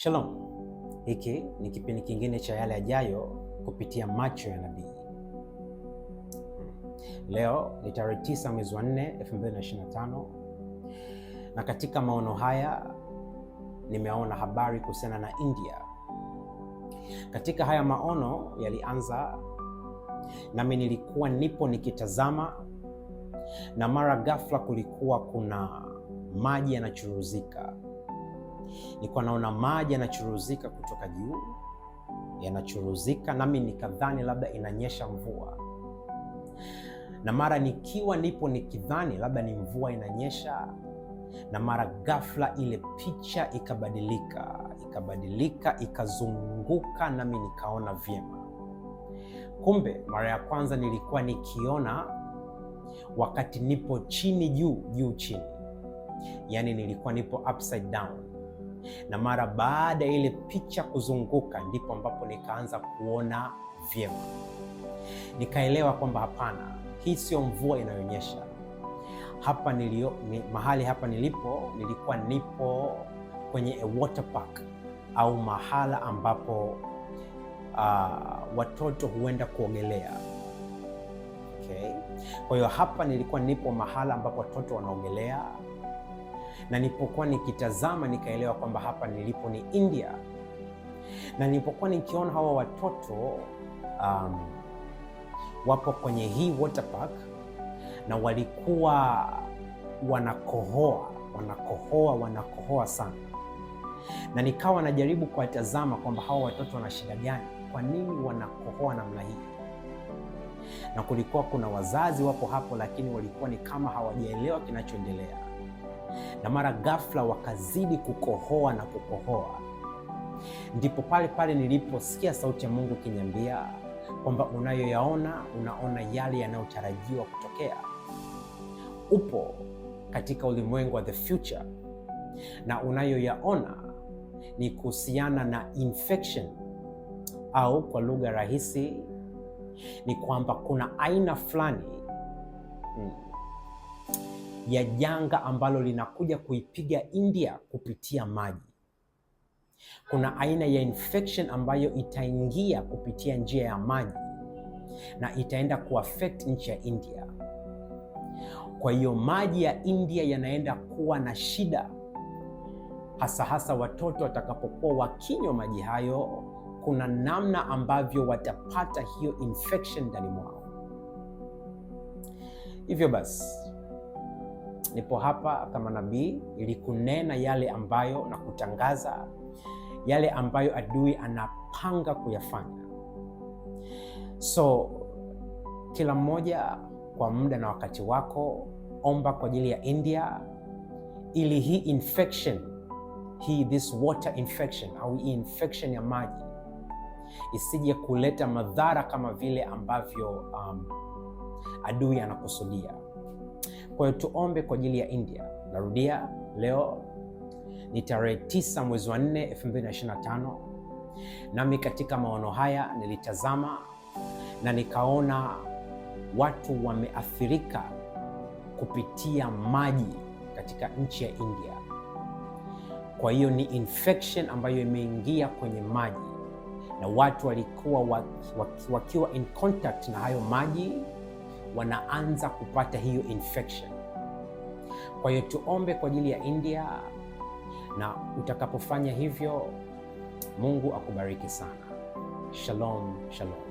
Shalom, hiki ni kipindi kingine cha yale yajayo kupitia macho ya nabii. Leo ni tarehe 9 mwezi wa 4 2025, na katika maono haya nimeona habari kuhusiana na India. Katika haya maono yalianza nami nilikuwa nipo nikitazama, na mara ghafla kulikuwa kuna maji yanachuruzika nilikuwa naona maji yanachuruzika kutoka juu, yanachuruzika, nami nikadhani labda inanyesha mvua, na mara nikiwa nipo nikidhani labda ni mvua inanyesha, na mara ghafla ile picha ikabadilika, ikabadilika, ikazunguka, nami nikaona vyema. Kumbe mara ya kwanza nilikuwa nikiona wakati nipo chini juu, juu chini, yaani nilikuwa nipo upside down na mara baada ya ile picha kuzunguka, ndipo ambapo nikaanza kuona vyema, nikaelewa kwamba hapana, hii sio mvua inayonyesha hapa nilio, ni, mahali hapa nilipo nilikuwa nipo kwenye a water park au mahala ambapo uh, watoto huenda kuogelea. Okay. Kwa hiyo hapa nilikuwa nipo mahala ambapo watoto wanaogelea na nilipokuwa nikitazama nikaelewa kwamba hapa nilipo ni India, na nilipokuwa nikiona hawa watoto um, wapo kwenye hii water park na walikuwa wanakohoa wanakohoa wanakohoa sana, na nikawa najaribu kuwatazama kwamba hawa watoto wana shida gani, kwa nini wanakohoa namna hii? Na kulikuwa kuna wazazi wapo hapo, lakini walikuwa ni kama hawajaelewa kinachoendelea na mara ghafla wakazidi kukohoa na kukohoa. Ndipo pale pale niliposikia sauti ya Mungu ikiniambia kwamba unayoyaona, unaona yale yanayotarajiwa kutokea. Upo katika ulimwengu wa the future na unayoyaona ni kuhusiana na infection au kwa lugha rahisi ni kwamba kuna aina fulani hmm ya janga ambalo linakuja kuipiga India kupitia maji. Kuna aina ya infection ambayo itaingia kupitia njia ya maji na itaenda kuaffect nchi ya India. Kwa hiyo maji ya India yanaenda kuwa na shida, hasa hasa watoto watakapokuwa wakinywa maji hayo. Kuna namna ambavyo watapata hiyo infection ndani mwao. Hivyo basi nipo hapa kama nabii ili kunena yale ambayo na kutangaza yale ambayo adui anapanga kuyafanya. So kila mmoja kwa muda na wakati wako, omba kwa ajili ya India ili hii infection hii, this water infection au hii infection ya maji isije kuleta madhara kama vile ambavyo um, adui anakusudia. Kwa hiyo tuombe kwa ajili ya India. Narudia, leo ni tarehe 9 mwezi wa 4 2025, nami katika maono haya nilitazama na nikaona watu wameathirika kupitia maji katika nchi ya India. Kwa hiyo ni infection ambayo imeingia kwenye maji, na watu walikuwa wakiwa in contact na hayo maji wanaanza kupata hiyo infection. Kwa hiyo tuombe kwa ajili ya India, na utakapofanya hivyo, Mungu akubariki sana. Shalom, shalom.